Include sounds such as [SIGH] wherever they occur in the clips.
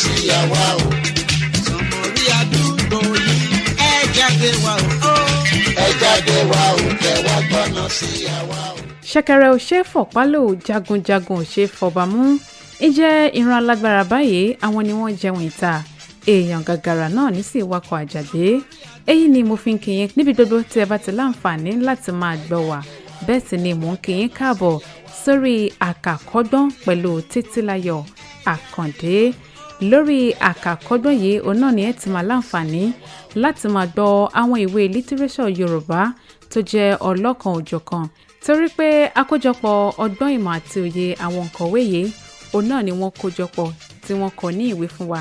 sí àwa o. sọmọrí àdúgbò yìí ẹ jáde wá o. ẹ jáde wá o kẹwàá gbọ́nà sí àwa o. ò ṣe é fọ̀pálò jagunjagun ṣe fọba mú ń jẹ́ ìran alágbára báyìí àwọn ni wọ́n jẹun ìta èèyàn gàgàrà náà ní sì wakọ̀ àjàgbé èyí ni mo fi ń kíyìn níbi gbogbo tí ẹ bá ti láǹfààní láti máa gbọ́ wá bẹ́ẹ̀ sì ni mò ń kíyìn káàbọ̀ sórí àkàkọ́gbọ́n pẹ̀lú títílayọ̀ àkàndé lórí àkàkọ́gbọ́n yìí òun náà ni ẹ ti máa láǹfààní láti máa gbọ́ àwọn ìwé lítírésọ̀ yorùbá tó jẹ́ ọlọ́kan òjọ̀kan torí pé àkójọpọ̀ ọgbọ́n ìmọ̀ àti òye àwọn òǹkọ̀wé yìí òun náà ni wọ́n kójọpọ̀ tí wọ́n kọ ní ìwé fún wa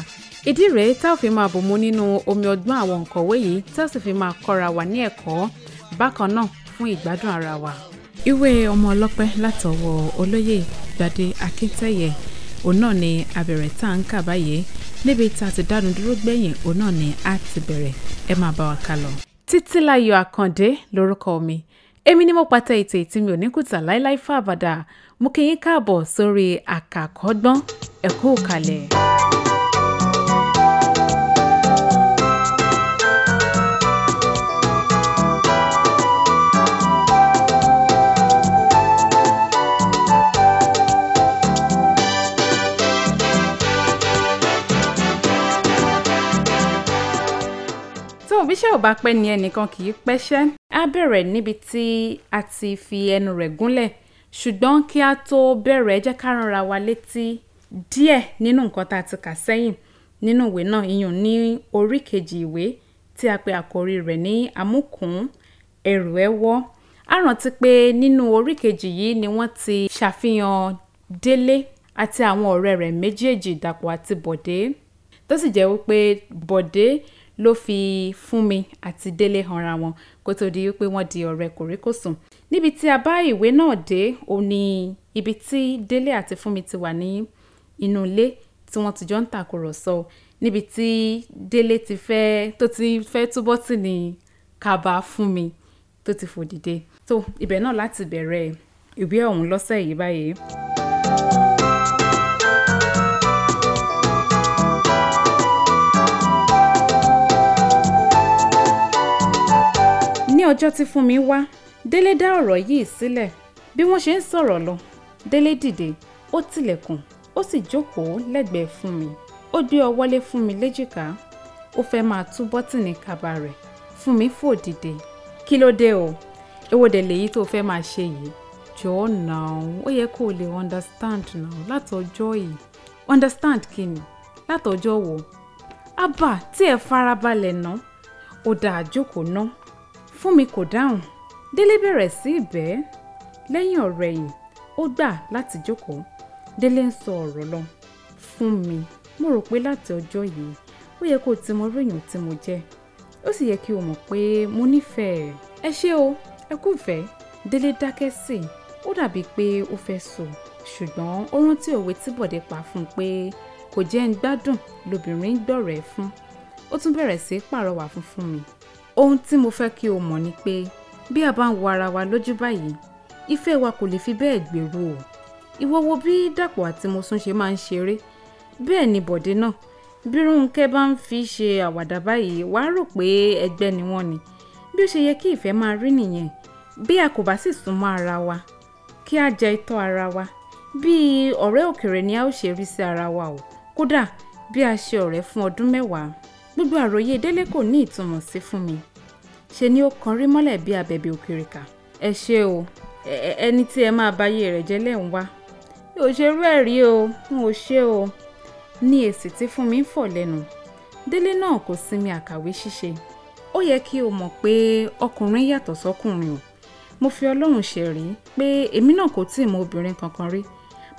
ìdí rèé tá ò fi máa bùnmu nínú omi ọgbọ́n àwọn òǹkọ̀wé yìí tá ò sì fi máa kọ́ra wa ní ẹ̀kọ́ bákan náà fún ìgbádùn ara wa. ìwé ọmọ ọlọ́pẹ́ látọwọ́ olóyè gbadé akíntẹ́yẹ òun náà ni abẹ̀rẹ̀ tá à ń kà báyìí níbi tá a ti dánu dúró gbẹ̀yìn òun náà ni a ti bẹ̀rẹ̀ ẹ máa bá wa ká lọ. títílayọ̀ àkàndé lórúkọ mi èmi ni mo pàtẹ ètò ètí mi ò ní kùtà láéláé fún àbàdà mo kí yín káàbọ̀ sórí àkàkọ́gbọ́n ẹ kú bíṣẹ́ ò bá pẹ́ ni ẹnìkan kì í pẹ́ṣẹ́ á bẹ̀rẹ̀ níbi tí a ti fi ẹnu rẹ̀ gúnlẹ̀ ṣùgbọ́n kí a tó bẹ̀rẹ̀ jẹ́ ká ránra wa létí díẹ̀ nínú nǹkan tá a ti kà sẹ́yìn nínú ìwé náà iyùn ní orí kejì ìwé tí a pe àkòrí rẹ̀ ní amúkùn ẹrù ẹwọ́ a rántí pé nínú orí kejì yìí ni wọ́n ti ṣàfihàn délé àti àwọn ọ̀rẹ́ rẹ̀ méjèèjì dàpọ̀ àti bọ̀dé tó sì jẹ́ wípé bọ̀dé ló fi Fúnmi àti Délé hanra wọn kó tó di wípé wọ́n di ọ̀rẹ́ kòríkòsùn níbi tí a bá ìwé náà dé ó ní ibi tí Délé àti Fúnmi ti wà ní inú ilé tí wọ́n ti jọ ń tàkùrọ̀sọ níbi tí Délé ti fẹ́ tó ti fẹ́ túbọ̀ tì ní kaba Fúnmi tó ti fòdìde tó ibẹ̀ náà láti bẹ̀rẹ̀ ìwé ọ̀hún lọ́sẹ̀ yìí báyìí. ọjọ́ tí Fúnmi wá Délé dá ọ̀rọ̀ yìí sílẹ̀ bí wọ́n ṣe ń sọ̀rọ̀ lọ Délé dìde ó tilẹ̀kùn ó sì jókòó lẹ́gbẹ̀ẹ́ Fúnmi ó gbé ọwọ́ lé Fúnmi léjìká ó fẹ́ máa tú bọ́tìnì kaba rẹ̀ Fúnmi fò dìde kí ló dé o Ewo dẹ̀ lèyí tó fẹ́ máa ṣe yìí jọ̀ọ́ náà ó yẹ kó o lè understand náà látọjọ́ yìí understand kí ni látọjọ́ wo abba tí ẹ farabalẹ̀ ná ó dáa jókòó ná Fúnmi kò dáhùn Délé bẹ̀rẹ̀ sí í bẹ́ẹ̀ lẹ́yìn ọ̀rẹ̀yìn ó gbà láti jókòó Délé ń sọ ọ̀rọ̀ lọ Fúnmi mo rò pé láti ọjọ́ yìí ó yẹ kó o ti mọ ròyìn tí mo jẹ́ ó sì yẹ kí o mọ̀ pé mo nífẹ̀ẹ́ ẹ ṣé o ẹ kú fẹ́ Délé dákẹ́ sí i ó dàbí pé ó fẹ́ sọ ṣùgbọ́n ó rántí òwe tí Bọ̀dé pa fún un pé kò jẹ́ ń gbádùn lobìnrin gbọ̀rẹ́ fún ó tún bẹ̀rẹ̀ sí pàrọwà fún Fúnmi ohun tí mo fẹ́ kí o mọ̀ ni pé bí a bá ń wo ara wa lójú báyìí ìfẹ́ wa kò lè fi bẹ́ẹ̀ gbèrú o ìwọ wo bí Dàpọ̀ àti Mosun ṣe máa ń ṣeré bẹ́ẹ̀ ni Bọ̀dé náà bí Rónkẹ́ bá ń fi ṣe àwàdà báyìí wàá rò pé ẹgbẹ́ ni wọ́n ni bí ó ṣe yẹ kí ìfẹ́ máa rí nìyẹn bí a kò bá sì súnmọ́ ara wa kí a jẹ itọ́ ara wa bíi ọ̀rẹ́ òkèrè ni a ó ṣe rí sí ara wa o kódà bí a ṣe ọ̀rẹ́ fún ọdún mẹ́wàá gbogbo àròyé délé kò ní ìtumọ̀ sí fún mi ṣe ni ó kanrí mọ́lẹ̀ bí abẹ̀bẹ̀ òkèrèkà ẹ ṣe o ẹni tí ẹ máa báyé rẹ̀ jẹ́ lẹ́ wá ò ṣe rú ẹ̀ rí o n ò ṣe o ní èsì tí fún mi ń fọ̀ lẹ́nu délé náà kò sinmi àkàwé ṣíṣe ó yẹ kí o mọ̀ pé ọkùnrin yàtọ̀ sọ́kùnrin o mo fi ọlọ́run ṣẹ̀rí pé èmi náà kò tíì mọ obìnrin kankan rí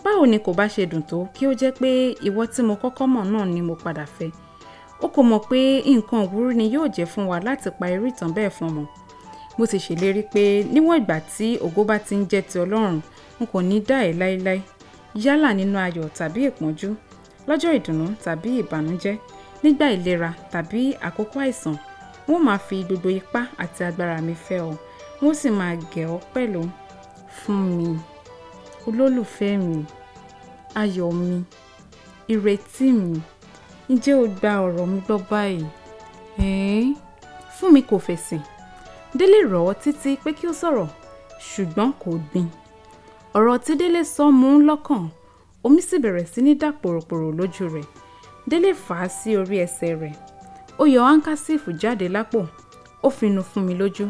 báwo ni kò bá ṣe dùn tó kí ó jẹ́ pé ìwọ tí mo kọ́kọ́ mọ̀ náà ni mo padà fẹ́ ó kò mọ̀ pé nǹkan òwúrú ni yóò jẹ́ fún wa láti pa irú ìtàn bẹ́ẹ̀ fún ọmọ mo sì ṣèlérí pé níwọ̀n ìgbà tí ògo bá ti ń jẹ́ ti ọlọ́run n kò ní dá ẹ̀ láéláé yálà nínú ayọ̀ tàbí ìpọ́njú lọ́jọ́ ìdùnnú tàbí ìbànújẹ́ nígbà ìlera tàbí àkókò àìsàn n ó máa fi gbogbo ipá àti agbára mi fẹ́ ọ n ó sì máa gẹ̀ ọ́ pẹ̀lú fún mi olólùfẹ́ mi ayọ̀ mi ìrètí mi ǹjẹ́ o gba ọ̀rọ̀ mi gbọ́ báyìí? um Fúnmi kò fèsì Délé rọ̀ ọ́ títí pé kí ó sọ̀rọ̀ ṣùgbọ́n kò gbìn. Ọ̀rọ̀ tí Délé sọ mú un lọ́kàn omi sì bẹ̀rẹ̀ sí ní dà pòròpòrò lójú rẹ̀ Délé fà á sí orí ẹsẹ̀ rẹ̀ ó yọ áńkásífù jáde lápò ó fi nu Fúnmi lójú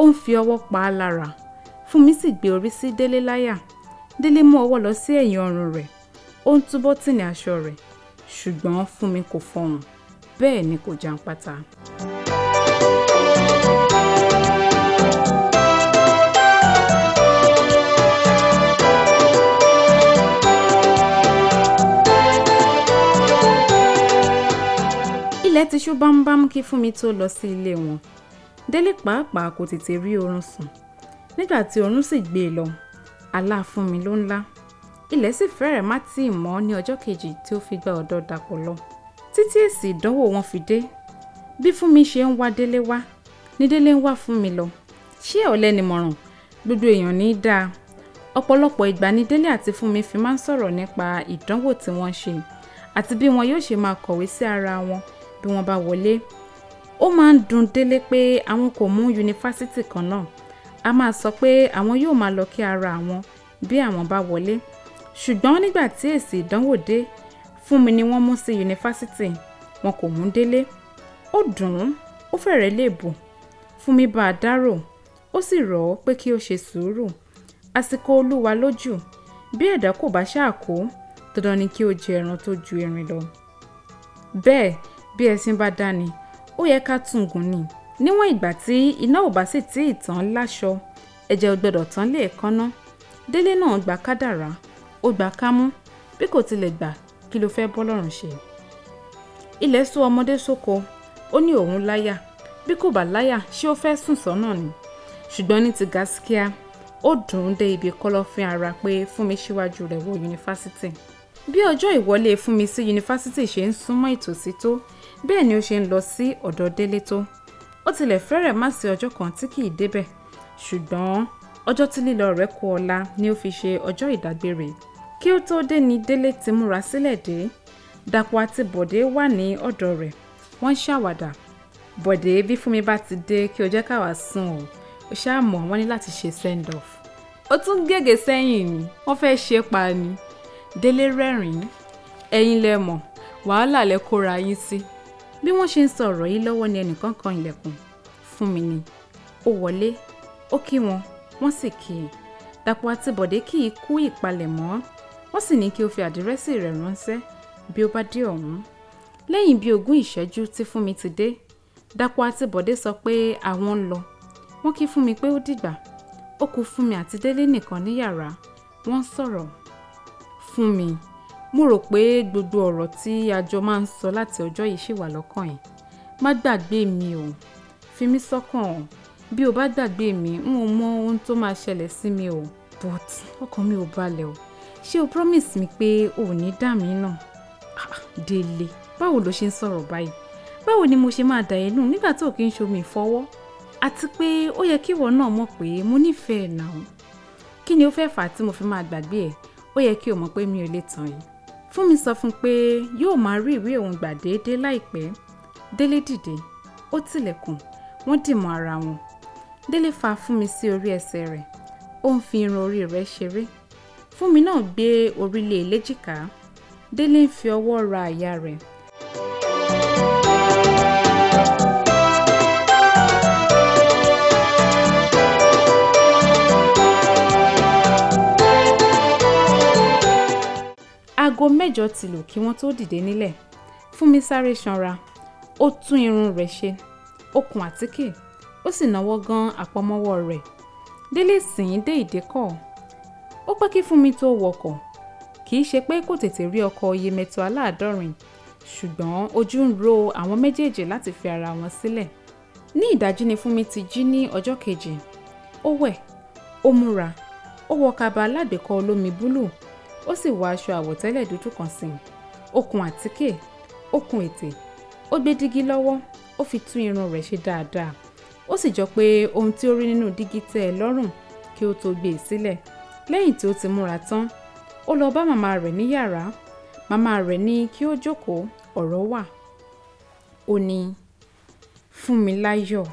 ó ń fi ọwọ́ pa á lára Fúnmi sì gbé orí sí Délé láyà Délé mú ọwọ́ lọ sí ẹ̀yìn ọrùn rẹ̀ ó ń túbọ̀ tìní aṣọ rẹ̀ ṣùgbọ́n Fúnmi kò fọhùn bẹ́ẹ̀ ni kò jáǹpátá. ilẹ̀ ti ṣú bámúbámú kí Fúnmi tó lọ sí ilé wọn Délé pàápàá kò tètè rí oorun sùn nígbà tí oorun sì gbé e lọ àlá Fúnmi ló ń lá ilẹ̀ sì fẹ́rẹ̀ má tì í mọ́ ní ọjọ́ kejì tí ó fi gba ọ̀dọ̀ Dàpọ̀ lọ títí èsì ìdánwò wọn fi dé bí Fúnmi ṣe ń wá Délé wá ní Délé ń wá Fúnmi lọ ṣé ọ̀lẹ ni mọ̀ràn gbogbo èèyàn ní í dáa ọ̀pọ̀lọpọ̀ ìgbà ni Délé àti Fúnmi fi máa ń sọ̀rọ̀ nípa ìdánwò tí wọ́n ṣe àti bí wọn yóò ṣe máa kọ̀wé sí ara wọn bí wọ́n bá wọlé ó máa ń dùn Délé pé àwọn kò mú yunifásitì kan náà a máa sọ pé àwọn yóò máa lọ kí ara àwọn bí àwọn bá wọlé ṣùgbọ́n nígbà tí èsì ìdánwò dé Fúnmi ni wọ́n mú sí yunifásitì wọn kò mú délé ó dùn ún ó fẹ̀rẹ̀ lè bù Fúnmi bá a dárò ó sì rọ̀ ọ́ pé kí ó ṣe sùúrù àsìkò Olúwa lójú bí ẹ̀dá kò bá ṣáà dandan ni kí o jẹ ẹran tó ju erin lọ bẹ́ẹ̀ bí ẹṣin bá dání ó yẹ ká tún gùn ni níwọ̀n ìgbà tí iná ò bá sì tí ì tán láṣọ ẹ̀jẹ̀ ò gbọ́dọ̀ tán lè kánná délé náà gba kádàrá ó gbà kámú bí kò tilẹ̀ gbà kí ló fẹ́ bọ́lọ́run ṣe. ilẹ̀ sún ọmọdé sóko ó ní òun láyà bí kò bá láyà ṣé ó fẹ́ sùn sọ́nà ni ṣùgbọ́n ní ti Gaskia ó dùn ún dé ibi kọ́lọ́fín ara pé Fúnmi síwájú rẹ̀ wọ yunifásitì bí ọjọ́ ìwọlé Fúnmi sí yunifásitì ṣe ń súnmọ́ ìtòsí tó bẹ́ẹ̀ ni ó ṣe ń lọ sí ọ̀dọ̀ Délé tó ó tilẹ̀ fẹ́rẹ̀ má sí ọjọ́ kan tí kì í débẹ̀ ṣùgbọ́n ọjọ́ tí lílọ rẹ̀ kù ọ̀la ni ó fi ṣe ọjọ́ ìdágbére kí ó tóó dé ní délé ti múra sílẹ̀ dé dàpọ̀ àti bọ̀dé wà ní ọ̀dọ̀ rẹ̀ wọ́n ń ṣàwàdà bọ̀dé bí fúnmi bá ti dé kí o jẹ́ káwa sùn o ò ṣáà mọ̀ wọ́n ní láti ṣe send off ó tún gègé sẹ́yìn ni wọ́n fẹ́ ṣe pa ni délé rẹ́rìn-ín ẹ̀yin lẹ mọ̀ wàhálà lẹ kóra yín sí bí wọ́n ṣe ń sọ̀rọ̀ yìí lọ́wọ́ ni ẹnìkan kan ilẹ̀kùn fún mi ni ó wọlé ó kí wọn wọ́n sì kí i dàpọ̀ àti bọ̀dé kì í kú ìpalẹ̀mọ́ wọ́n sì ní kí o fi àdírẹ́sì rẹ̀ ránṣẹ́ bí o bá dé ọ̀hún. lẹ́yìn bíi ogún ìṣẹ́jú tí mi ti dé Dàpọ̀ àti Bọ̀dé sọ pé àwọn ń lọ wọ́n kí Fúnmi pé ó dìgbà ó kù Fúnmi àti Délé nìkan ní yàrá wọ́n sọ̀rọ̀ Fúnmi mo rò pé gbogbo ọ̀rọ̀ tí a máa ń sọ láti ọjọ́ yìí ṣì wà lọ́kàn yìí má gbàgbé mi o fi mí sọ́kàn o bí o bá gbàgbé mi n ò mọ ohun tó máa ṣẹlẹ̀ sí mi o but ọkàn mi ò balẹ̀ o ṣé o promise mi pé o ò ní dà mí nù délé báwo ló ṣe ń sọ̀rọ̀ báyìí báwo ni mo ṣe máa dà ẹ́ nù nígbà tó kí n ṣomi ìfọwọ́ àti pé ó yẹ kí ìwọ náà mọ̀ pé mo nífẹ̀ẹ́ náà kí ni ó fẹ́ fà á tí mo fi máa gbàgbé ẹ̀ ó yẹ kí o mọ̀ pé mi ò lè tàn yìí fún mi sọ fún un pé yóò máa rí ìwé òun gbà déédéé láìpẹ́ délé dìde ó tilẹ̀kùn wọ́n dì mọ́ ara wọn délé fa fún mi sí orí ẹsẹ̀ rẹ̀ ó ń fi irun orí rẹ̀ ṣeré Fúnmi náà gbé orí lé e léjìká Délé ń fi ọwọ́ ra àyà rẹ̀ aago mẹ́jọ ti lù kí wọ́n tó dìde nílẹ̀ Fúnmi sáré ṣanra ó tún irun rẹ̀ ṣe ó àtíkè ó sì náwó gan àpamọ́wọ́ rẹ̀ Délé sìn ín dé ìdíkọ̀ ó pẹ́ kí Fúnmi tó wọkọ̀ kì í ṣe pé kò tètè rí ọkọ̀ Yemẹtu aláàdọ́rin ṣùgbọ́n ojú ń ro àwọn méjèèjì láti fi ara wọn sílẹ̀ ní ìdájí ni Fúnmi ti jí ní ọjọ́ kejì ó wẹ̀ ó múra ó wọ kaba alágbèékọ́ olómi búlù ó sì wọ aṣọ àwọ̀tẹ́lẹ̀ dúdú kan sí i ó kun àtíkè ó kun ètè ó gbé dígí lọ́wọ́ ó fi tún irun rẹ̀ ṣe dáadáa ó sì jọ pé ohun tí ó rí nínú dígí tẹ́ ẹ lọ́rùn kí ó tó gbé e sílẹ̀ si lẹ́yìn tí ó ti múra tán ó lọ bá màmá rẹ̀ ní yàrá màmá rẹ̀ ní kí ó jókòó ọ̀rọ̀ wà ó ní fúnmiláyọ̀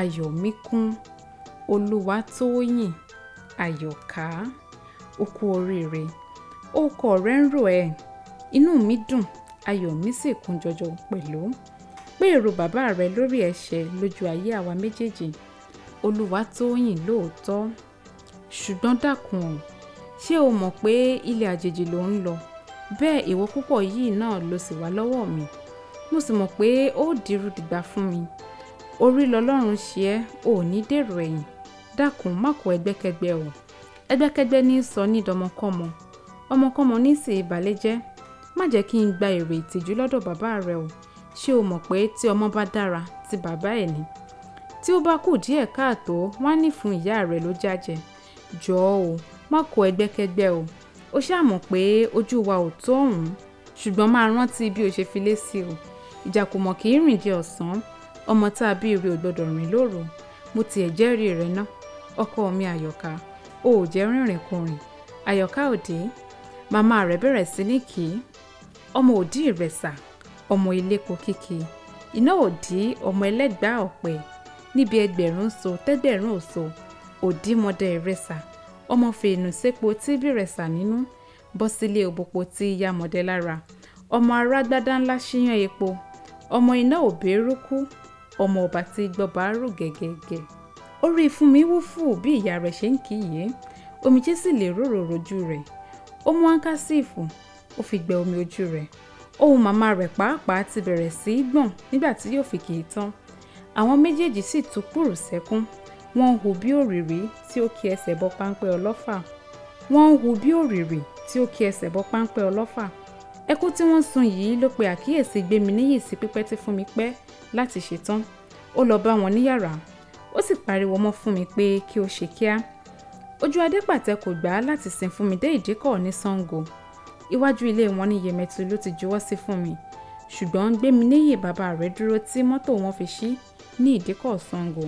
ayọ̀míkún olúwatóyìn àyọ̀ká ó kú oríire orúkọ rẹ̀ ń rò ẹ́ inú mi dùn ayọ̀ mi sì kún jọjọ pẹ̀lú pé èrò bàbá rẹ lórí ẹ̀ṣẹ̀ lójú ayé àwa méjèèjì olúwatóyìn lóòótọ́ ṣùgbọ́n dákun o ṣé o mọ̀ pé ilé àjèjì ló ń lọ bẹ́ẹ̀ èèwọ̀ púpọ̀ yìí náà ló sì wá lọ́wọ́ mi mo sì mọ̀ pé ó dirú dìgbà fún mi orí lọlọ́run ṣe ẹ́ ò ní dèrò ẹ̀yìn dákun má kó ẹgbẹ́kẹgbẹ́ o ẹgbẹ́kẹgbẹ́ ní sọ ní dọmọkọ́mọ ọmọkọ́mọ ní sì ìbàlẹ̀ jẹ́ má jẹ́ kí n gba èrè ìtìjú lọ́dọ̀ bàbá rẹ o ṣé o mọ̀ pé tí ọmọ bá dára ti bàbá ẹ̀ ni tí ó bá kù díẹ̀ káàtó wá ní fún ìyá rẹ ló jájẹ jọ̀ọ́ o má kó ẹgbẹ́kẹ́gbẹ́ o ó ṣáà mọ̀ pé ojú wa ò tó ọ̀hún ṣùgbọ́n máa rántí bí o ṣe fi lé sí o ìjàkùmọ̀ kì í rìn di ọ̀sán ọmọ tá a bí ire ò gbọdọ̀ rìn lóru mo tiẹ̀ jẹ́rìí rẹ ná ọkọ mi àyọ̀ká o ò jẹ́ rìnrìn kùnrin àyọ̀ká òde màmá rẹ̀ bẹ̀rẹ̀ sí ní kì ọmọ òdí ìrẹsà ọmọ ilépo kíkì iná òdí ọmọ ẹlẹ́gbàá ọ̀pẹ níbi ẹgbẹ̀rún so tẹ́gbẹ̀rún ò òdìmọ̀dẹ ìrẹsà ọmọ fèènù sépo tí bìrẹsà nínú bọ́ sílé òbòpo tí yá mọ̀dẹ lára ọmọ arágbádá ńlá ṣíyàn epo ọmọ iná òbérúkú ọmọ ọba tí gbọba rò gẹ́gẹ́gẹ́ orí fún mi wú fù bí ìyá rẹ̀ ṣe ń kì í yé omijé sì lè rorò rojú rẹ̀ ó mú áńkásíìfù ó fi gbẹ omi ojú rẹ̀ ohùn màmá rẹ̀ pàápàá ti bẹ̀rẹ̀ sí í gbọ̀n nígbà tí yóò fi kì í tán àwọn méjèèjì sì tún kúrò sẹ́kún wọ́n hù bí òrìrì tí ó ki ẹsẹ̀ bọ páńpẹ́ ọlọ́fà wọ́n hù bí òrìrì tí ó ki ẹsẹ̀ bọ páńpẹ́ ọlọ́fà ẹkún tí wọ́n sun yìí ló pe àkíyèsí Gbéminíyì sí pípẹ́ tí Fúnmi pẹ́ láti ṣetán ó lọ bá wọn ní yàrá ó sì pariwo mọ́ Fúnmi pé kí ó ṣe kíá ojú Adépàtẹ kò gbà á láti sin Fúnmi dé ìdíkọ̀ ní Ṣàngó iwájú ilé wọn ní Yẹmẹtu ló ti juwọ́ sí Fúnmi ṣùgbọ́n Gbéminíyì bàbá rẹ̀ dúró tí mọ́tò wọn fi ṣí ní ìdíkọ̀ Ṣàngó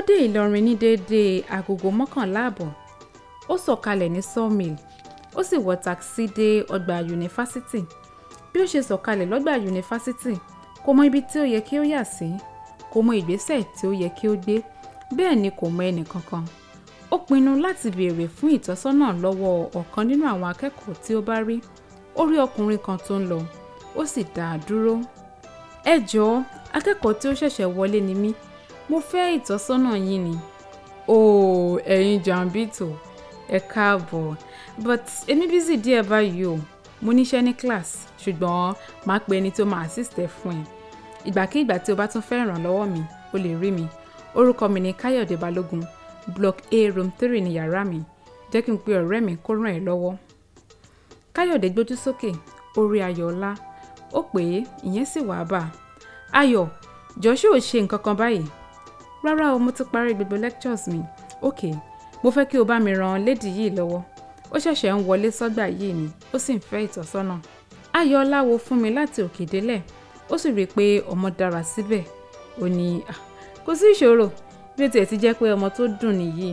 ó dé ìlọrin ní déédéé agogo mọ́kànlá àbọ̀ ó sọ̀kalẹ̀ ní sawmill ó sì wọ takisí dé ọgbà yunifásitì bí ó ṣe sọ̀kalẹ̀ lọ́gbà yunifásitì kò mọ ibi tí ó yẹ kí ó yà sí kò mọ ìgbésẹ̀ tí ó yẹ kí ó gbé bẹ́ẹ̀ ni kò mọ ẹnì kankan ó pinnu láti béèrè fún ìtọ́sọ́nà lọ́wọ́ ọ̀kan nínú àwọn akẹ́kọ̀ọ́ tí ó bá rí ó rí ọkùnrin kan tó ń lọ ó sì dá a dúró ẹ jọ̀ọ́ akẹ́kọ̀ọ́ tí ó ṣẹ̀ṣẹ̀ wọlé ni mí mo fẹ́ ìtọ́sọ́nà yín ni ooo ẹ̀yin jàǹbìtò ẹ káàbọ̀ but èmi busy díẹ̀ báyìí o mo níṣẹ́ ní class ṣùgbọ́n máa pe ẹni tó máa assist ẹ fún ẹ ìgbàkigbà tí o bá tún fẹ́ ìrànlọ́wọ́ mi o lè rí mi orúkọ mi ni Káyọ̀dé Balógun block A room three ní yàrá mi jẹ́ kí n pe ọ̀rẹ́ mi kó ràn ẹ́ lọ́wọ́ Káyọ̀dé gbójú sókè orí ayọ̀ ọlá ó pè é ìyẹn sì wàá bà ayọ̀ jọ́ṣù ò ṣe nǹkan kan báyìí rárá o mo ti parí gbogbo lectures mi ok mo fẹ́ kí o bá mi ran lady yìí lọ́wọ́ ó ṣẹ̀ṣẹ̀ ń wọlé sọ́gbà yìí ni ó sì ń fẹ́ ìtọ́sọ́nà ayọ̀ọ́lá wo fún mi láti òkè délẹ̀ ó sì rí i pé ọmọ dára síbẹ̀ ó ní kò sí ìṣòro bí ó tiẹ̀ ti jẹ́ pé ọmọ tó dùn nìyí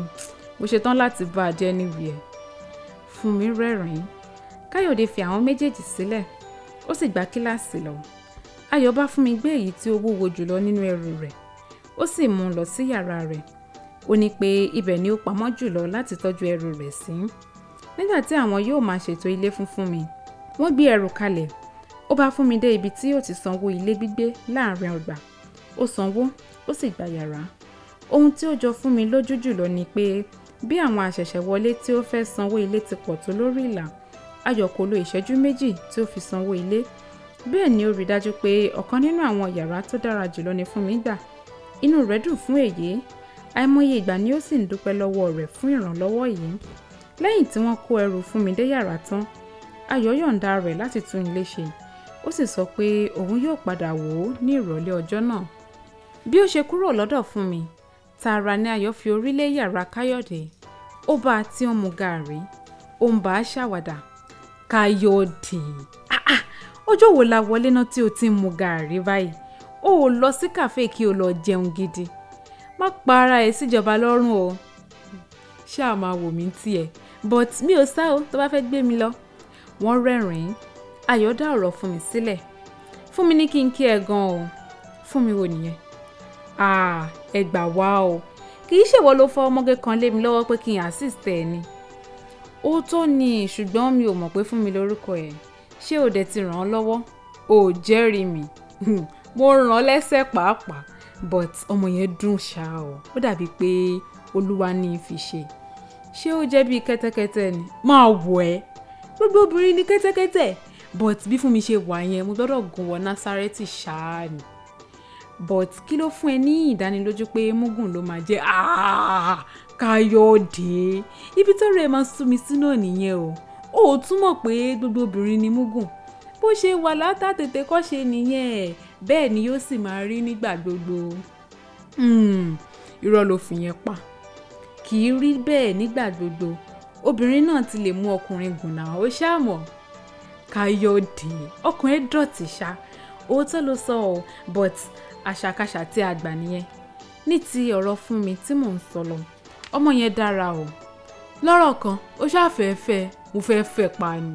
mo ṣetán láti bá a jẹ́ níbi ẹ̀ fún mi rẹ́rìn-ín káyọ̀dé fi àwọn méjèèjì sílẹ̀ ó sì gba kíláàsì lọ ayọ̀ bá fún mi gbé èyí tí ó wúwo jùlọ nínú ẹrù rẹ̀ ó sì mú un lọ sí yàrá rẹ̀ ó ní pé ibẹ̀ ni ó pamọ́ jùlọ láti tọ́jú ẹrù rẹ̀ sí nígbà tí àwọn yóò máa ṣètò ilé fún fún mi wọ́n gbé ẹrù kalẹ̀ ó bá fún mi dé ibi tí yóò ti sanwó ilé gbígbé láàrin ọgbà ó sanwó ó sì gba yàrá ohun tí ó jọ fún mi lójú jùlọ ni pé bí àwọn àṣẹ̀ṣẹ̀wọlé tí ó fẹ́ sanwó ilé ti pọ̀ tó lórí ìlà ayọ̀ lo ìṣẹ́jú méjì tí ó fi sanwó ilé bẹ́ẹ̀ ni ó rí dájú pé ọ̀kan nínú àwọn yàrá tó dára jùlọ ni fún mi gbà inú rẹ̀ dùn fún èyí àìmọye ìgbà ni ó sì ń dúpẹ́ lọ́wọ́ rẹ̀ fún ìrànlọ́wọ́ yìí lẹ́yìn tí wọ́n kó ẹrù fún mi dé yàrá tán ayọ̀ yọ̀ǹda rẹ̀ láti tún ilé ṣe ó sì sọ pé òun yóò padà wò ó ní ìrọ̀lẹ́ ọjọ́ náà bí ó ṣe kúrò lọ́dọ̀ fún mi tààrà ni ayọ̀ fi orí lé yàrá káyọ̀dé ó bá a tí ó mu gàárì ó ń bá a ṣàwàdà káyọ̀dé ah ah ọjọ́ wo la wọlé náà tí o ti ń mu gàárì báyìí o ò lọ sí kàfé kí o lọ jẹun gidi má pa ara ẹ síjọba lọ́rùn o ṣáà máa wò mí tiẹ̀ but mi ò sá o tó bá fẹ́ gbé mi lọ wọ́n rẹ́rìn-ín ayọ̀ dá ọ̀rọ̀ fún mi sílẹ̀ fún mi ní kí n kí ẹ gan o fún mi wò nìyẹn ah ẹ gbà wá o kì í ṣèwọ ló fọ ọmọge kan lé mi lọ́wọ́ pé kí n assist ẹ ni ó tó ní ṣùgbọ́n mi ò mọ̀ pé fún mi lórúkọ ẹ̀ ṣé o dẹ̀ ti ràn án lọ́wọ́ o jẹ́rìí mi [LAUGHS] wọ́n ràn án lẹ́sẹ̀ pàápàá but ọmọ yẹn dùn ṣá o ó dàbí pé olúwa ní í fi ṣe ṣé ó jẹ́ bíi kẹ́tẹ́kẹ́tẹ́ ni máa wọ̀ ẹ́ gbogbo obìnrin ni kẹ́tẹ́kẹ́tẹ́ but bí fún mi ṣe wà yẹn mo gbọ́dọ̀ gùn wọ násárẹ́tì ṣáá ni but kí ló fún ẹ ní ìdánilójú pé mugun ló máa jẹ́ káyọ̀dé ibi tọ́rọ̀ ẹ máa sún mi sí náà nìyẹn o ó túmọ̀ pé gbogbo obìnrin ni mugun bó ṣe wà látà tètè kọ́ ṣe nìyẹn bẹ́ẹ̀ ni yóò sì máa rí nígbà gbogbo hmm, irọ́ ló fi yẹn pa kì í rí bẹ́ẹ̀ nígbà gbogbo obìnrin náà ti lè mú ọkùnrin gùnà ó ṣàmọ̀ káyọ̀dé ọkùnrin dọ̀tí ṣá òótọ́ ló sọ ọ́ but àṣàkáṣà tí a gbà nìyẹn ní ti ọ̀rọ̀ fún mi tí mò ń sọ lọ ọmọ yẹn dára o lọ́rọ̀ kan ó ṣàfẹ́fẹ́ mo fẹ́ fẹ́ pa ni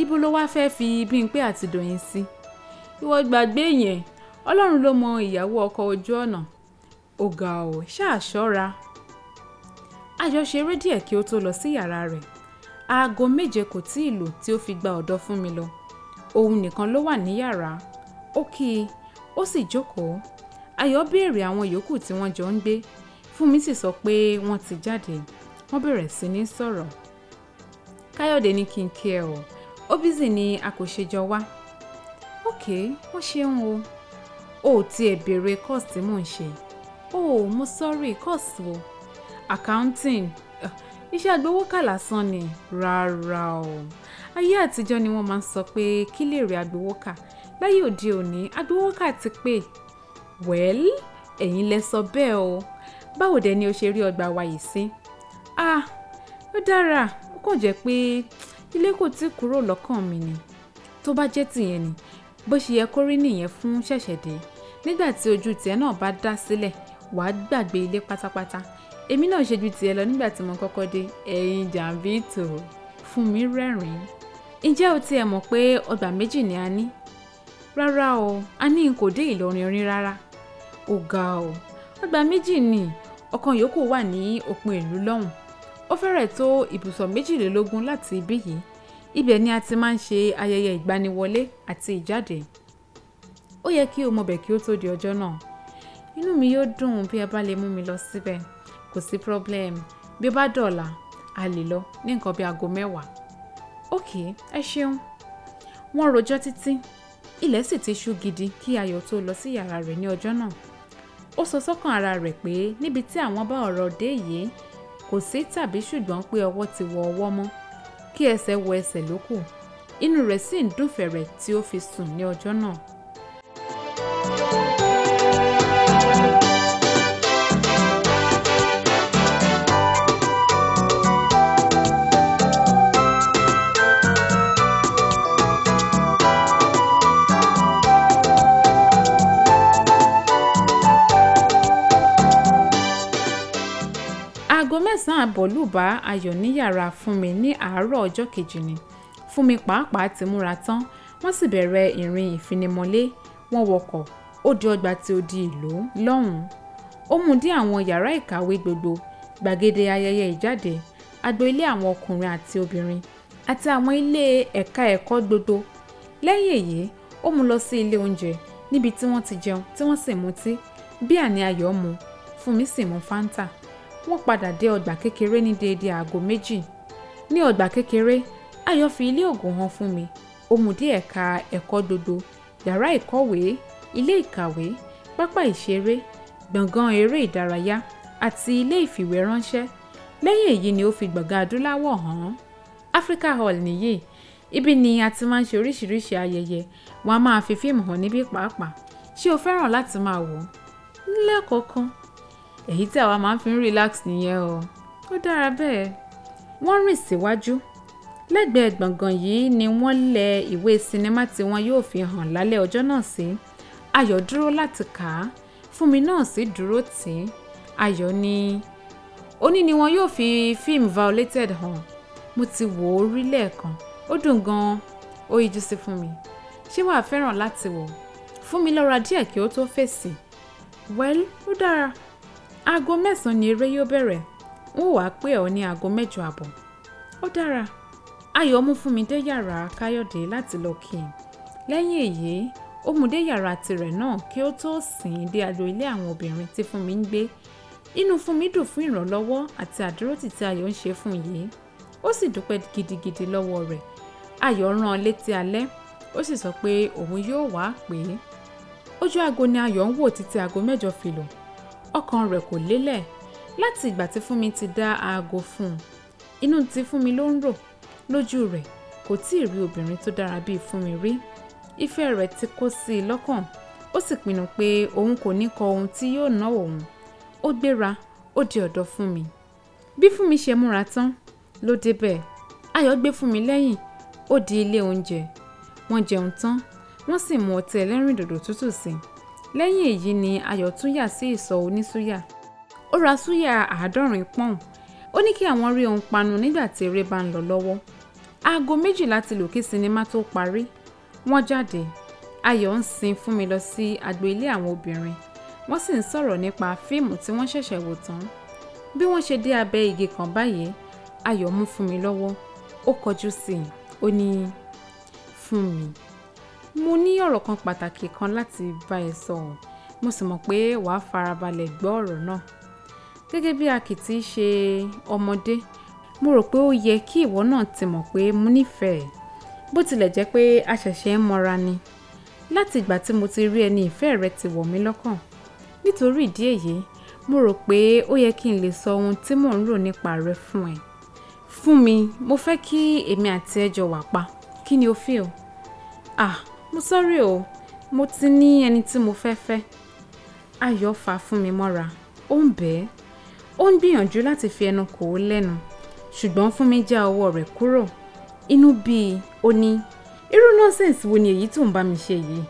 ibo ló wá fẹ́ fi Bímpé àti Dòyìn sí. Si ìwọ gbàgbé yẹn ọlọ́run ló mọ ìyàwó ọkọ̀ ojú ọ̀nà ọ̀gá ò ṣáà ṣọ́ra ayọ̀ ṣeré díẹ̀ kí ó tó lọ sí yàrá rẹ̀ aago méje kò tí ì lù tí ó fi gba ọ̀dọ̀ fún mi lọ òun nìkan ló wà ní yàrá ó kí i ó sì jókòó ayọ̀ béèrè àwọn yòókù tí wọ́n jọ ń gbé fún mi sì sọ pé wọ́n ti jáde wọ́n bẹ̀rẹ̀ sí ní sọ̀rọ̀ káyọ̀dé ní kí n kí ẹ ọ́ ó bízì ni a kò ṣe jọ wá Okay, wọ́n ṣeun o o ò tiẹ̀ béèrè course tí mò ń ṣe o ò mo sorry course wo accounting ah, iṣẹ́ agbowókà lásán ni rárá o ayé àtijọ́ ni wọ́n máa ń sọ pé kí lè rí agbowókà láyé òde òní agbowókà ti pé well ẹ̀yin lẹ sọ bẹ́ẹ̀ o báwo dẹ̀ ni o ṣe rí ọgbà wa yìí sí ah ó dára ó kàn jẹ́ pé ilé kò tí kúrò lọ́kàn mi ni tó bá jẹ́ tìyẹn ni bó ṣe yẹ kó rí nìyẹn fún ṣẹ̀ṣẹ̀ dé nígbà tí ojú tiẹ̀ náà bá dá sílẹ̀ wàá gbàgbé ilé pátápátá èmi náà ṣe ju tiẹ̀ lọ nígbà tí mo kọ́kọ́ dé ẹ̀yin jàǹbìtò fún mi rẹ́rìn-ín ǹjẹ́ o tiẹ̀ mọ̀ pé ọgbà méjì ni a ní rárá o a ní n kò dé Ìlọrin rí rárá ó ga o ọgbà méjì ni ọ̀kan yòókù wà ní òpin ìlú lọ́hùn ó fẹ́rẹ̀ tó ibùsọ̀ méjìlélógún láti ibí yìí ibẹ̀ ni a ti máa ń ṣe ayẹyẹ ìgbaniwọlé àti ìjáde ó yẹ kí o mọbẹ̀ kí ó tó di ọjọ́ náà inú mi yóò dùn bí ẹ bá lè mú mi lọ síbẹ̀ kò sí problem bí ó bá dọ̀la a lè lọ ní nǹkan bí aago mẹ́wàá ok ẹ ṣeun wọ́n rojọ́ títí ilẹ̀ sì ti ṣú gidi kí ayọ̀ tó lọ sí yàrá rẹ̀ ní ọjọ́ náà ó sọ sọ́kàn ara rẹ̀ pé níbi tí àwọn bá ọ̀rọ̀ dé yìí kò sí tàbí ṣùgbọ́n pé ọwọ́ ti wọ ọwọ́ mọ́ kí ẹsẹ̀ wọ ẹsẹ̀ ló inú rẹ̀ sì ń dùn fẹ̀rẹ̀ tí ó fi sùn ní ọjọ́ náà Hannah Boluba Ayọ̀ ní yàrá Fúnmi ní àárọ̀ ọjọ́ kejì ni Fúnmi pàápàá ti múra tán wọ́n sì bẹ̀rẹ̀ ìrìn ìfinimọ̀lé wọ́n wọkọ̀ ó di ọgbà tí ó di ìlú lọ́hùn-ún ó mú dé àwọn yàrá ìkàwé gbogbo gbàgede ayẹyẹ ìjáde agbo ilé àwọn ọkùnrin àti obìnrin àti àwọn ilé ẹ̀ka ẹ̀kọ́ gbogbo lẹ́yìn èyí ó mú lọ sí ilé oúnjẹ níbi tí wọ́n ti jẹun tí wọ́n sì mutí bíà ni Ayọ̀ mu Fúnmi sì mu Fanta wọ́n padà dé ọgbà kékeré ní déédé aago méjì ní ọgbà kékeré ayọ̀ fi ilé ògùn hàn fún mi ó mú dé ẹ̀ka ẹ̀kọ́ dodo yàrá ìkọ́wèé ilé ìkàwé pápá ìṣeré gbọ̀ngàn eré ìdárayá àti ilé ìfìwéránṣẹ́ lẹ́yìn èyí ni ó fi gbọ̀ngàn adúláwọ̀ hàn án Hall nìyí ibi ni a ti máa ń ṣe oríṣiríṣi ayẹyẹ wọn a máa fi fíìmù hàn níbí pàápàá ṣé o fẹ́ràn láti máa wò ó lẹ́ẹ̀kọ̀ọ̀kan èyí tí àwa máa ń fi ń relax nìyẹn o ó dára bẹ́ẹ̀ wọ́n rìn síwájú lẹ́gbẹ̀ẹ́ gbọ̀ngàn yìí ni wọ́n lẹ ìwé sinimá tí wọn yóò fi hàn lálẹ́ ọjọ́ náà sí ayọ̀ dúró láti kà á fúnmi náà sì dúró tì í ayọ̀ ni òní ni wọn yóò fi fíìmù violated hàn mo ti wò ó rí lẹ́ẹ̀kan ó dùn gan-an ó yíjú sí fún mi ṣé wàá fẹ́ràn láti wò fún mi lọ́ra díẹ̀ kí ó tó fèsì well ó dára aago mẹ́sàn-án ni eré yóò bẹ̀rẹ̀ n ó wàá pè ọ́ ní aago mẹ́jọ àbọ̀ ó dára ayọ̀ mú fún mi dé yàrá káyọ̀dé láti lọ kí i lẹ́yìn èyí ó mú dé yàrá tirẹ̀ náà kí ó tó sìn ín dé alo ilé àwọn obìnrin tí fúnmi ń gbé inú fúnmi dùn fún ìrànlọ́wọ́ àti àdúrótì tí ayọ̀ ń ṣe fún yìí ó sì dúpẹ́ gidigidi lọ́wọ́ rẹ̀ ayọ̀ rán an létí alẹ́ ó sì sọ pé òun yóò wá pè é ojú aago ni ayọ̀ ń wò títí aago mẹ́jọ fi lò ọkàn rẹ̀ kò lélẹ̀ láti ìgbà tí Fúnmi ti dá aago fún un inú ti Fúnmi ló ń rò lójú rẹ̀ kò tí ì rí obìnrin tó dára bíi Fúnmi rí ìfẹ́ rẹ̀ ti kó sí i lọ́kàn ó sì pinnu pé òun kò ní kọ ohun tí yóò ná òun ó gbéra ó di ọ̀dọ̀ Fúnmi bí Fúnmi ṣe múra tán ló débẹ̀ Ayọ̀ gbé Fúnmi lẹ́yìn ó di ilé oúnjẹ wọ́n jẹun tán wọ́n sì mú ọtí ẹlẹ́rìndòdò tútù sí i lẹ́yìn èyí ni ayọ̀ tún yà sí ìsọ̀ onísúyà ó ra súyà àádọ́rin pọ́ùn ó ní kí àwọn rí ohun panu nígbà tí eré bá ń lọ lọ́wọ́ aago méjìlá ti lù kí sinimá tó parí wọ́n jáde ayọ̀ ń sin fún mi lọ sí agbo ilé àwọn obìnrin wọ́n sì ń sọ̀rọ̀ nípa fíìmù tí wọ́n ṣẹ̀ṣẹ̀ wò tán bí wọ́n ṣe dé abẹ́ igi kan báyìí ayọ̀ mú fún mi lọ́wọ́ ó kọjú sí i ó ní fún mi mo ní ọ̀rọ̀ kan pàtàkì kan láti bá ẹ sọ ọ́ mo sì mọ̀ pé wàá farabalẹ̀ gbọ́ ọ̀rọ̀ nánáà gẹ́gẹ́ bí akitì ṣe ọmọdé mo rò pé ó yẹ kí ìwọ náà ti mọ̀ pé mo nífẹ̀ẹ́ bó tilẹ̀ jẹ́ pé a ṣẹ̀ṣẹ̀ ń mọra ni láti ìgbà tí mo ti rí ẹni ìfẹ́ rẹ ti wọ̀ mí lọ́kàn nítorí ìdí èyí mo rò pé ó yẹ kí n lè sọ ohun tí mò ń rò nípa rẹ fún ẹ fún mi mo fẹ́ kí èmi àti ẹ jọ wà pa kí ni o feel ah mo sorry o mo ti ní ẹni tí mo fẹ́ fẹ́ ayọ̀ fà fún mi mọ́ra ó ń bẹ́ẹ̀ ó ń gbìyànjú láti fi ẹnu kò ó lẹ́nu ṣùgbọ́n fún mi já ọwọ́ rẹ̀ kúrò inú bíi ó ní irú nonsense wo ni èyí tó ń bá mi ṣe yìí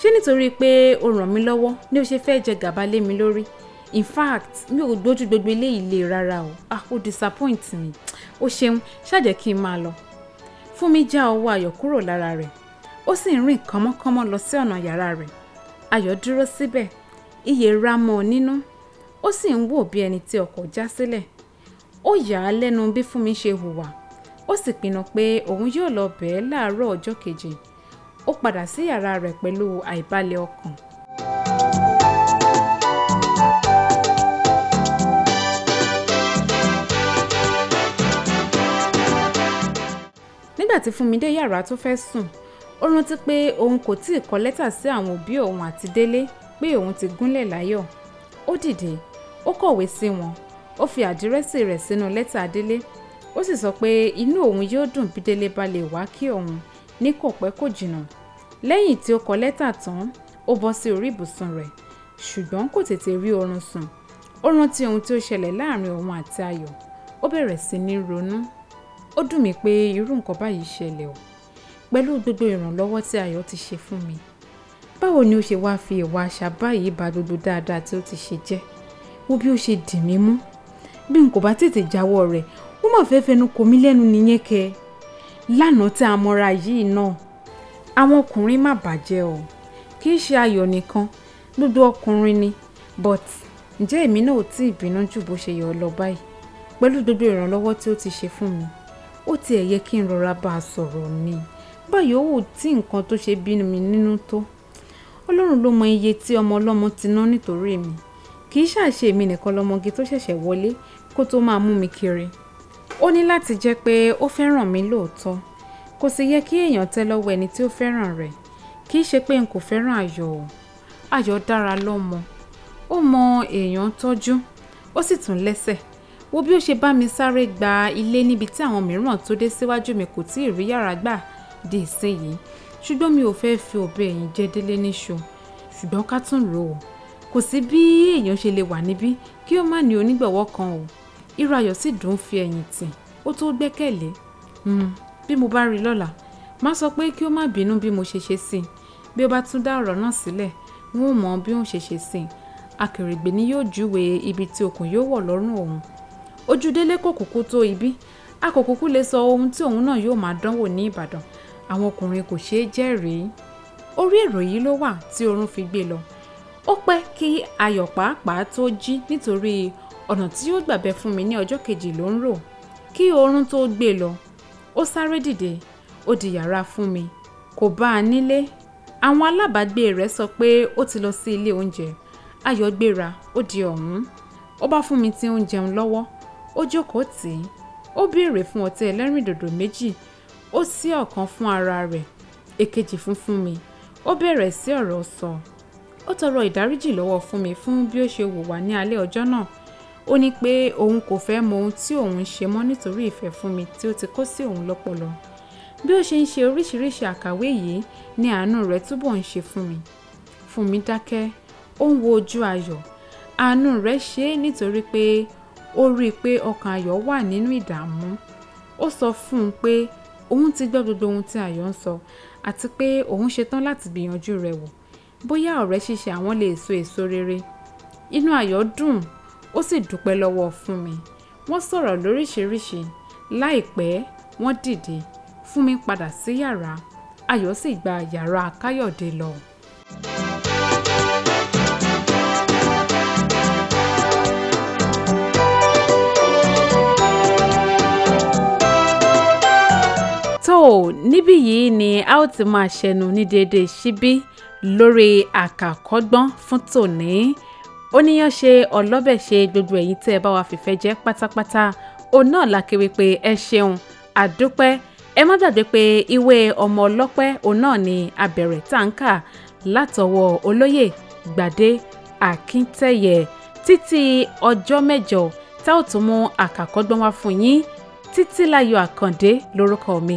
ṣé nítorí pé o ràn mí lọ́wọ́ ni o ṣe fẹ́ jẹ gàba lé mi lórí in fact mi ò gbójú gbogbo eléyìí lè rárá o ah o disappoint mi o ṣeun ṣáà jẹ́ kí n máa lọ fún mi já ọwọ́ ayọ̀ kúrò lára rẹ̀ ó sì ń rìn kánmọ́kánmọ́ lọ sí ọ̀nà yàrá rẹ̀ ayọ̀ dúró síbẹ̀ iyè ra mọ́ ọ nínú ó sì ń wò bí ẹni tí ọkọ̀ já sílẹ̀ ó yà á lẹ́nu bí Fúnmi ṣe hùwà ó sì pinnu pé òun yóò lọ bẹ̀ẹ́ láàárọ̀ ọjọ́ kejì ó padà sí yàrá rẹ̀ pẹ̀lú àìbalẹ̀ ọkàn. nígbà tí Fúnmi dé yàrá tó fẹ́ sùn ó rántí pé òun kò tíì kọ lẹ́tà sí àwọn òbí òun àti délé pé òun ti gúnlẹ̀ láyọ̀ ó dìde ó kọ̀wé sí wọn ó fi àdírẹ́sì rẹ̀ sínú lẹ́tà délé ó sì sọ pé inú òun yóò dùn bí délé bá lè wá kí òun ní kò pẹ́ kò jìnnà lẹ́yìn tí ó kọ lẹ́tà tán ó bọ́ sí orí ibùsùn rẹ̀ ṣùgbọ́n kò tètè rí oorun sùn ó rántí ohun tí ó ṣẹlẹ̀ láàrin òun àti ayọ̀ ó bẹ̀rẹ̀ sí ní ronú ó dùn mí pé irú nǹkan báyìí ṣẹlẹ̀ o pẹ̀lú gbogbo ìrànlọ́wọ́ tí Ayọ̀ ti ṣe fún mi báwo ni ó ṣe wáá fi ìwà àṣà báyìí ba gbogbo dáadáa tí ó ti ṣe jẹ́ wo bí ó ṣe dì mí mú bí n kò bá tètè jáwọ́ rẹ̀ ó mà fẹ́ fẹnu kò mí lẹ́nu nìyẹn kẹ lánàá tí a mọra yìí náà àwọn ọkùnrin má bàjẹ́ o kì í ṣe Ayọ̀ nìkan gbogbo ọkùnrin ni but ǹjẹ́ èmi náà ò tí ì bínú jù bó ṣe yọ ọ lọ báyìí pẹ̀lú gbogbo ìrànlọ́wọ́ tí ó ti ṣe fún mi ó tiẹ̀ yẹ kí n rọra bá a sọ̀rọ̀ ni nípa yòówù tí nǹkan tó ṣe bí mi nínú tó ọlọ́run ló mọ iye tí ọmọ ọlọ́mọ ti ná nítorí mi kì í ṣáà ṣe èmi nìkan lọmọge tó ṣẹ̀ṣẹ̀ wọlé kó tó máa mú mi kiri ó ní láti jẹ́ pé ó fẹ́ràn mi lóòótọ́ kò sì yẹ kí èèyàn tẹ́ lọ́wọ́ ẹni tí ó fẹ́ràn rẹ̀ kì í ṣe pé n kò fẹ́ràn ayọ̀ o ayọ̀ dára lọ́mọ ó mọ èèyàn tọ́jú ó sì tún lẹ́sẹ̀ wo bí ó ṣe bá mi sáré gba ilé níbi tí àwọn mìíràn tó dé síwájú mi kò tí ì rí yàrá gbà di ìsinyìí ṣùgbọ́n mi ò fẹ́ẹ́ fi ọ̀bẹ ẹ̀yìn jẹ délé níṣó ṣùgbọ́n ká tún rò ó kò sí bí èèyàn ṣe lè wà níbí kí ó má ní onígbọ̀wọ́ kan o irú ayọ̀ sì dùn fi ẹ̀yìn tì ó tó gbẹ́kẹ̀lé hmm, bí mo bá rí i lọ́la má sọ pé kí ó má bínú bí mo ṣe ṣe sí i bí ó bá tún dá ọ̀rọ̀ náà sílẹ̀ n ó mọ bí òun ṣe ṣe sí i akèrègbè ni yóò júwe ibi tí okùn yóò wọ̀ lọ́rùn òun ojú délé kò kúkú tó ibi a lè sọ ohun tí òun náà yóò máa dánwò ní Ìbàdàn àwọn ọkùnrin kò ṣeé jẹ́rìí orí èrò yìí ló wà tí oorun fi gbé lọ ó pẹ́ kí ayọ̀ pàápàá tó jí nítorí ọ̀nà tí ó gbàbẹ fún mi ní ọjọ́ kejì ló ń rò kí oorun tó gbé lọ ó sáré dìde ó di yàrá fún mi kò bá a nílé àwọn alábàágbé rẹ̀ sọ pé ó ti lọ sí ilé oúnjẹ ayọ̀ gbéra ó di ọ̀hún ó bá fún mi tí ó lọ́wọ́ ó jókòó tì í ó béèrè fún ọtí ẹlẹ́rìndòdò méjì ó sí ọ̀kan fún ara rẹ̀ èkejì fún Fúnmi ó bẹ̀rẹ̀ sí ọ̀rọ̀ sọ ó tọrọ ìdáríjì lọ́wọ́ Fúnmi fún bí ó ṣe hùwà ní alẹ́ ọjọ́ náà ó ní pé òun kò fẹ́ mọ ohun tí òun ń ṣe mọ́ nítorí ìfẹ́ Fúnmi tí ó ti kó sí òun lọ́pọlọ bí ó ṣe ń ṣe oríṣiríṣi àkàwé yìí ni àánú rẹ̀ túbọ̀ ń ṣe Fúnmi Fúnmi dákẹ́ ó ń wo ojú ayọ̀ àánú rẹ̀ ṣe é nítorí pé ó rí i pé ọkàn ayọ̀ wà nínú ìdààmú ó sọ fún un pé òun ti gbọ́ gbogbo ohun tí Ayọ̀ ń sọ àti pé òun ṣetán láti gbìyànjú rẹ̀ wò bóyá ọ̀rẹ́ ṣíṣe àwọn lè so èso rere inú Ayọ̀ dùn ó sì dúpẹ́ lọ́wọ́ Fúnmi wọ́n sọ̀rọ̀ lóríṣiríṣi láìpẹ́ wọ́n dìde Fúnmi padà sí yàrá Ayọ̀ sì gba yàrá Káyọ̀dé lọ. ó níbí yìí ni a ó ti máa ṣẹnu ní déédéé síbí lórí àkàkọ́gbọ́n fún tòní oníyan ṣe ọlọ́bẹ̀ ṣe gbogbo ẹ̀yin tẹ́ ẹ bá wa fìfẹ́ jẹ́ pátápátá òun náà la kiri pé ẹ ṣeun àdúpẹ́ ẹ má gbàgbé pé ìwé ọmọ ọlọ́pẹ́ òun náà ni abẹ̀rẹ̀ tá à ń kà látọwọ́ olóyè gbàdé akíntẹ́yẹ títí ọjọ́ mẹ́jọ tá ò tún mú àkàkọ́gbọ́n wá fún yín títí láyọ̀ àkàndé lórúkọ mi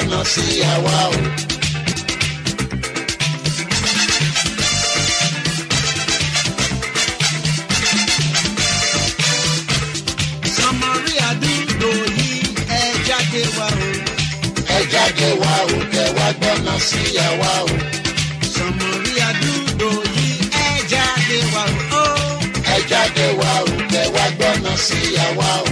ọ̀nà sí àwa o. sọmọrí àdúgbò yìí ẹ ẹ si wá Samaria do do he e gbọ́nà sí àwa o. sọmọrí àdúgbò ẹ jáde wá